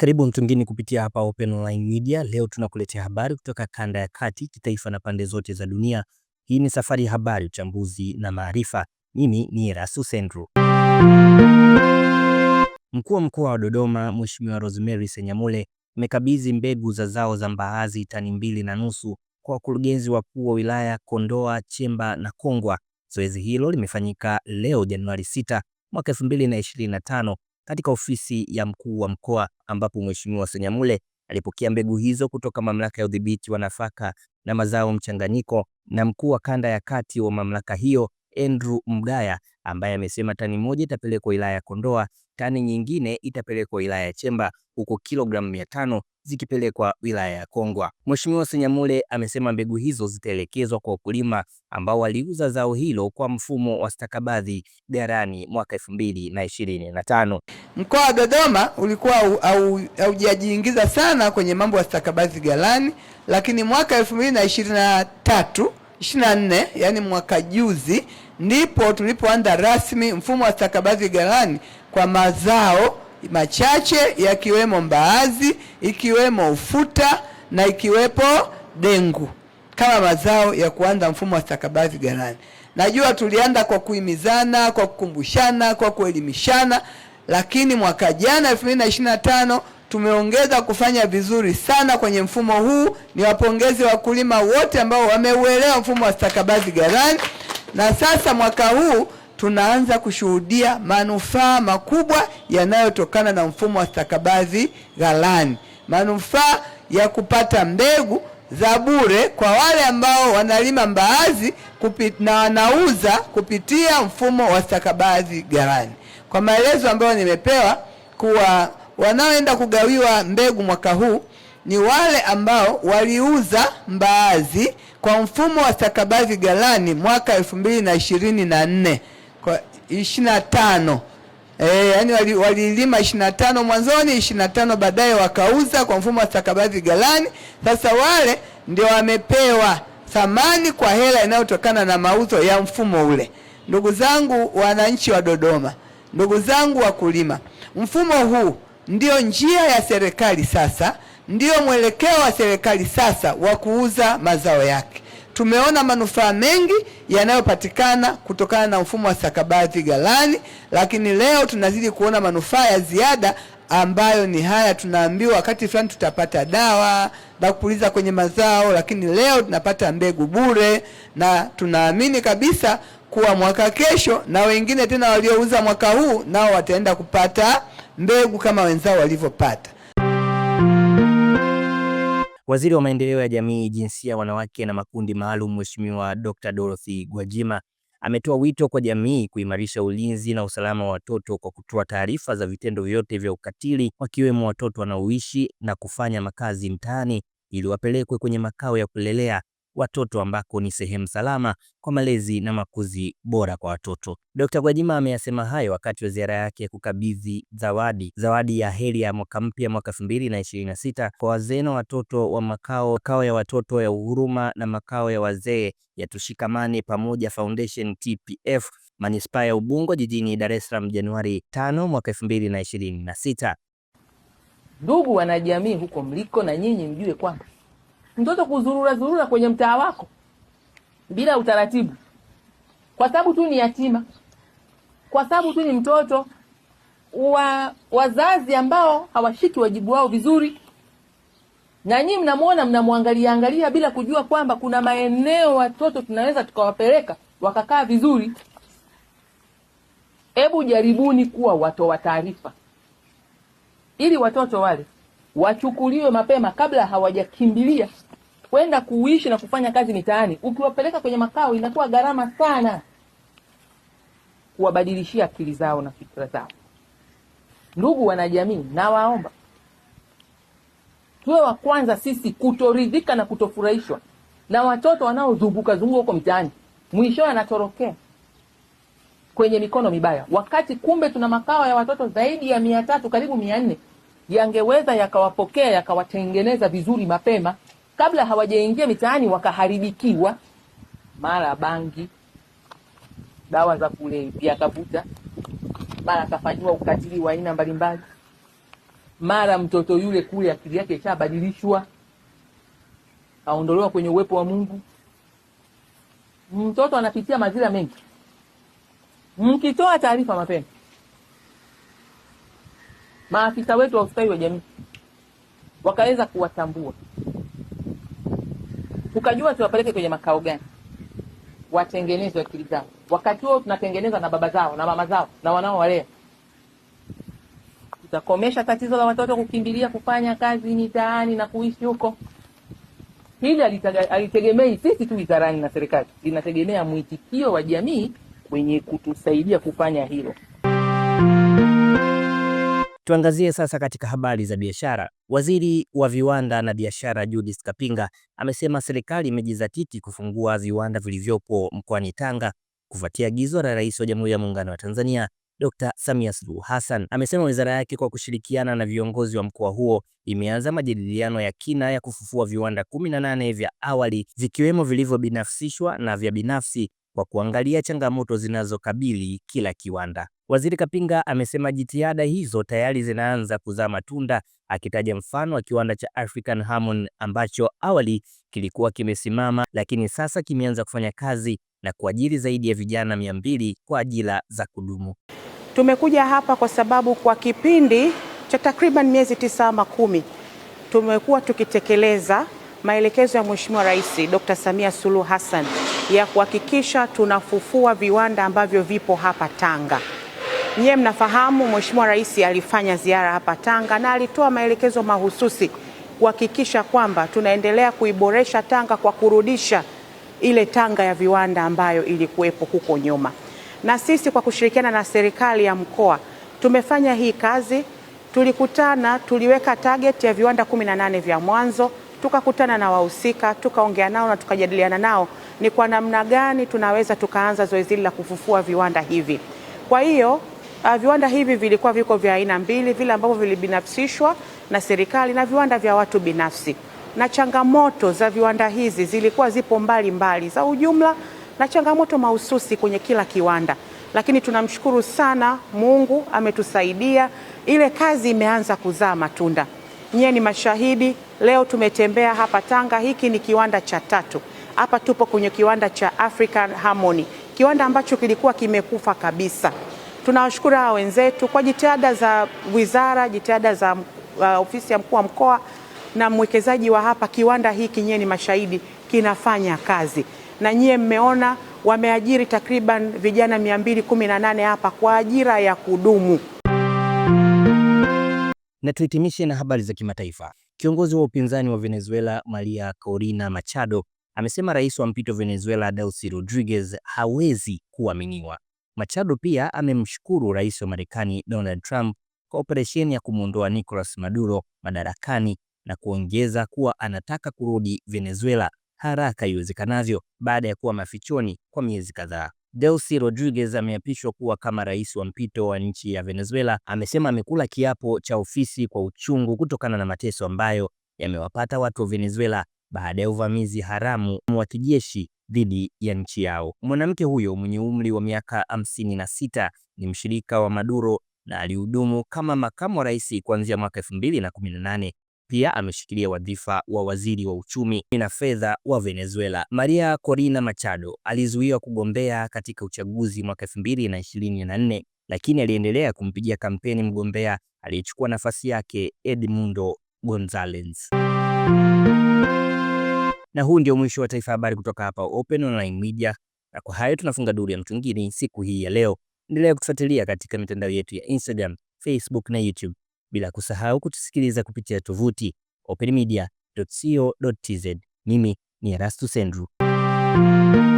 Karibu mtu kupitia hapa Open Online Media. Leo tunakuletea habari kutoka kanda ya kati, kitaifa na pande zote za dunia. Hii ni safari ya habari, uchambuzi na maarifa. Mimi ni rasu Sendru. Mkuu wa mkoa wa Dodoma Mheshimiwa Rosemary Senyamule amekabidhi mbegu za zao za mbaazi tani mbili na nusu kwa wakurugenzi wakuu wa wilaya Kondoa, Chemba na Kongwa. Zoezi hilo limefanyika leo Januari 6 mwaka 2025 katika ofisi ya mkuu wa mkoa ambapo Mheshimiwa Senyamule alipokea mbegu hizo kutoka mamlaka ya udhibiti wa nafaka na mazao mchanganyiko na mkuu wa kanda ya kati wa mamlaka hiyo Andrew Mgaya ambaye amesema tani moja itapelekwa wilaya ya Kondoa tani nyingine itapelekwa wilaya ya Chemba huku kilogramu mia tano zikipelekwa wilaya ya Kongwa. Mheshimiwa Senyamule amesema mbegu hizo zitaelekezwa kwa wakulima ambao waliuza zao hilo kwa mfumo wa stakabadhi garani mwaka na tano. Mkoa wa Dodoma ulikuwa haujajiingiza au, au, sana kwenye mambo ya stakabadhi garani lakini mwaka 2023 24 yani mwaka juzi ndipo tulipoanza rasmi mfumo wa stakabadhi ghalani kwa mazao machache yakiwemo mbaazi, ikiwemo ufuta na ikiwepo dengu kama mazao ya kuanza mfumo wa stakabadhi ghalani. Najua tulianza kwa kuhimizana, kwa kukumbushana, kwa kuelimishana, lakini mwaka jana 2025 tumeongeza kufanya vizuri sana kwenye mfumo huu. ni wapongeze wakulima wote ambao wameuelewa mfumo wa stakabadhi ghalani, na sasa mwaka huu tunaanza kushuhudia manufaa makubwa yanayotokana na mfumo wa stakabadhi ghalani, manufaa ya kupata mbegu za bure kwa wale ambao wanalima mbaazi kupit, na wanauza kupitia mfumo wa stakabadhi ghalani. Kwa maelezo ambayo nimepewa kuwa wanaoenda kugawiwa mbegu mwaka huu ni wale ambao waliuza mbaazi kwa mfumo wa stakabadhi ghalani mwaka 2024 kwa 25 E, yani walilima wali 25 mwanzoni 25 baadaye wakauza kwa mfumo wa stakabadhi ghalani. Sasa wale ndio wamepewa thamani kwa hela inayotokana na mauzo ya mfumo ule. Ndugu zangu wananchi wa Dodoma, ndugu zangu wakulima, mfumo huu ndiyo njia ya serikali sasa, ndiyo mwelekeo wa serikali sasa wa kuuza mazao yake. Tumeona manufaa mengi yanayopatikana kutokana na mfumo wa stakabadhi ghalani, lakini leo tunazidi kuona manufaa ya ziada ambayo ni haya. Tunaambiwa wakati fulani tutapata dawa za kupuliza kwenye mazao, lakini leo tunapata mbegu bure, na tunaamini kabisa kuwa mwaka kesho na wengine tena waliouza mwaka huu nao wataenda kupata mbegu kama wenzao walivyopata. Waziri wa Maendeleo ya Jamii, Jinsia, Wanawake na Makundi Maalum, Mheshimiwa Dr. Dorothy Gwajima ametoa wito kwa jamii kuimarisha ulinzi na usalama wa watoto kwa kutoa taarifa za vitendo vyote vya ukatili wakiwemo watoto wanaoishi na kufanya makazi mtaani ili wapelekwe kwenye makao ya kulelea watoto ambako ni sehemu salama kwa malezi na makuzi bora kwa watoto. Dkt. Gwajima ameyasema hayo wakati wa ziara yake ya kukabidhi zawadi zawadi ya heri ya mwaka mpya mwaka 2026 kwa wazee na watoto wa makao makao ya watoto ya Uhuruma na makao ya wazee ya Tushikamane Pamoja Foundation TPF manispaa ya Ubungo jijini Dar es Salaam Januari 5 mwaka 2026. Ndugu wanajamii huko mliko, na nyinyi mjue kwamba mtoto kuzurura zurura kwenye mtaa wako bila utaratibu, kwa sababu tu ni yatima, kwa sababu tu ni mtoto wa wazazi ambao hawashiki wajibu wao vizuri, na nyinyi mnamwona, mnamwangalia angalia bila kujua kwamba kuna maeneo watoto tunaweza tukawapeleka wakakaa vizuri. Hebu jaribuni kuwa watoa taarifa, ili watoto wale wachukuliwe mapema kabla hawajakimbilia kwenda kuishi na kufanya kazi mitaani, ukiwapeleka kwenye makao inakuwa gharama sana kuwabadilishia akili zao na fikra zao. Ndugu wanajamii, nawaomba tuwe wa kwanza sisi kutoridhika na kutofurahishwa na watoto wanaozunguka zunguka huko mtaani, mwishowe anatorokea kwenye mikono mibaya, wakati kumbe tuna makao ya watoto zaidi ya mia tatu karibu mia nne yangeweza yakawapokea yakawatengeneza vizuri mapema kabla hawajaingia mitaani wakaharibikiwa, mara bangi, dawa za kulevya akavuta, mara akafanyiwa ukatili wa aina mbalimbali, mara mtoto yule kule akili yake ishabadilishwa, aondolewa kwenye uwepo wa Mungu. Mtoto anapitia madhila mengi. Mkitoa taarifa mapema, maafisa wetu wa ustawi wa jamii wakaweza kuwatambua tukajua tuwapeleke kwenye makao gani watengenezwe akili zao. Wakati huo tunatengeneza na baba zao na mama zao na wanaowalea. Tutakomesha tatizo la watoto kukimbilia kufanya kazi mitaani na kuishi huko. Hili alitegemei sisi tu wizarani na serikali, linategemea mwitikio wa jamii kwenye kutusaidia kufanya hilo. Tuangazie sasa katika habari za biashara. Waziri wa viwanda na biashara Judith Kapinga amesema serikali imejizatiti kufungua viwanda vilivyopo mkoani Tanga kufuatia agizo la Rais wa Jamhuri ya Muungano wa Tanzania Dr. Samia Suluhu Hassan. Amesema wizara yake kwa kushirikiana na viongozi wa mkoa huo imeanza majadiliano ya kina ya kufufua viwanda 18 vya awali vikiwemo vilivyobinafsishwa na vya binafsi kwa kuangalia changamoto zinazokabili kila kiwanda. Waziri Kapinga amesema jitihada hizo tayari zinaanza kuzaa matunda, akitaja mfano wa kiwanda cha African Harmon ambacho awali kilikuwa kimesimama, lakini sasa kimeanza kufanya kazi na kuajiri zaidi ya vijana mia mbili kwa ajira za kudumu. Tumekuja hapa kwa sababu kwa kipindi cha takriban miezi tisa ama kumi tumekuwa tukitekeleza maelekezo ya Mheshimiwa Rais Dr. Samia Suluhu Hassan ya kuhakikisha tunafufua viwanda ambavyo vipo hapa Tanga. nyiye mnafahamu Mheshimiwa Rais alifanya ziara hapa Tanga na alitoa maelekezo mahususi kuhakikisha kwamba tunaendelea kuiboresha Tanga kwa kurudisha ile Tanga ya viwanda ambayo ilikuwepo huko nyuma. Na sisi kwa kushirikiana na serikali ya mkoa tumefanya hii kazi, tulikutana, tuliweka target ya viwanda 18 vya mwanzo tukakutana na wahusika, tukaongea nao na tukajadiliana nao ni kwa namna gani tunaweza tukaanza zoezi hili la kufufua viwanda hivi. Kwa hiyo uh, viwanda hivi vilikuwa viko vya aina mbili, vile ambavyo vilibinafsishwa na serikali na viwanda vya watu binafsi, na changamoto za viwanda hizi zilikuwa zipo mbalimbali mbali, za ujumla na changamoto mahususi kwenye kila kiwanda, lakini tunamshukuru sana Mungu ametusaidia, ile kazi imeanza kuzaa matunda. Nyie ni mashahidi Leo tumetembea hapa Tanga, hiki ni kiwanda cha tatu. Hapa tupo kwenye kiwanda cha African Harmony, kiwanda ambacho kilikuwa kimekufa kabisa. Tunawashukuru hawa wenzetu kwa jitihada za wizara, jitihada za uh, ofisi ya mkuu wa mkoa na mwekezaji wa hapa. Kiwanda hiki nyie ni mashahidi, kinafanya kazi na nyie mmeona wameajiri takriban vijana 218 hapa kwa ajira ya kudumu. Na tuhitimishe na habari za kimataifa. Kiongozi wa upinzani wa Venezuela Maria Corina Machado amesema rais wa mpito Venezuela Delcy Rodriguez hawezi kuaminiwa. Machado pia amemshukuru rais wa Marekani Donald Trump kwa operesheni ya kumwondoa Nicolas Maduro madarakani na kuongeza kuwa anataka kurudi Venezuela haraka iwezekanavyo baada ya kuwa mafichoni kwa miezi kadhaa. Delcy Rodriguez ameapishwa kuwa kama rais wa mpito wa nchi ya Venezuela, amesema amekula kiapo cha ofisi kwa uchungu kutokana na mateso ambayo yamewapata watu wa Venezuela baada ya uvamizi haramu wa kijeshi dhidi ya nchi yao. Mwanamke huyo mwenye umri wa miaka hamsini na sita ni mshirika wa Maduro na alihudumu kama makamu wa rais kuanzia mwaka 2018 pia ameshikilia wadhifa wa waziri wa uchumi na fedha wa Venezuela. Maria Corina Machado alizuiwa kugombea katika uchaguzi mwaka 2024 lakini aliendelea kumpigia kampeni mgombea aliyechukua nafasi yake Edmundo Gonzalez. Na huu ndio mwisho wa taifa habari kutoka hapa Open Online Media, na kwa hayo tunafunga duru ya mtungini siku hii ya leo. Endelea kutufuatilia katika mitandao yetu ya Instagram, Facebook na YouTube bila kusahau kutusikiliza kupitia tovuti openmedia.co.tz. Mimi ni Erastus Andrew.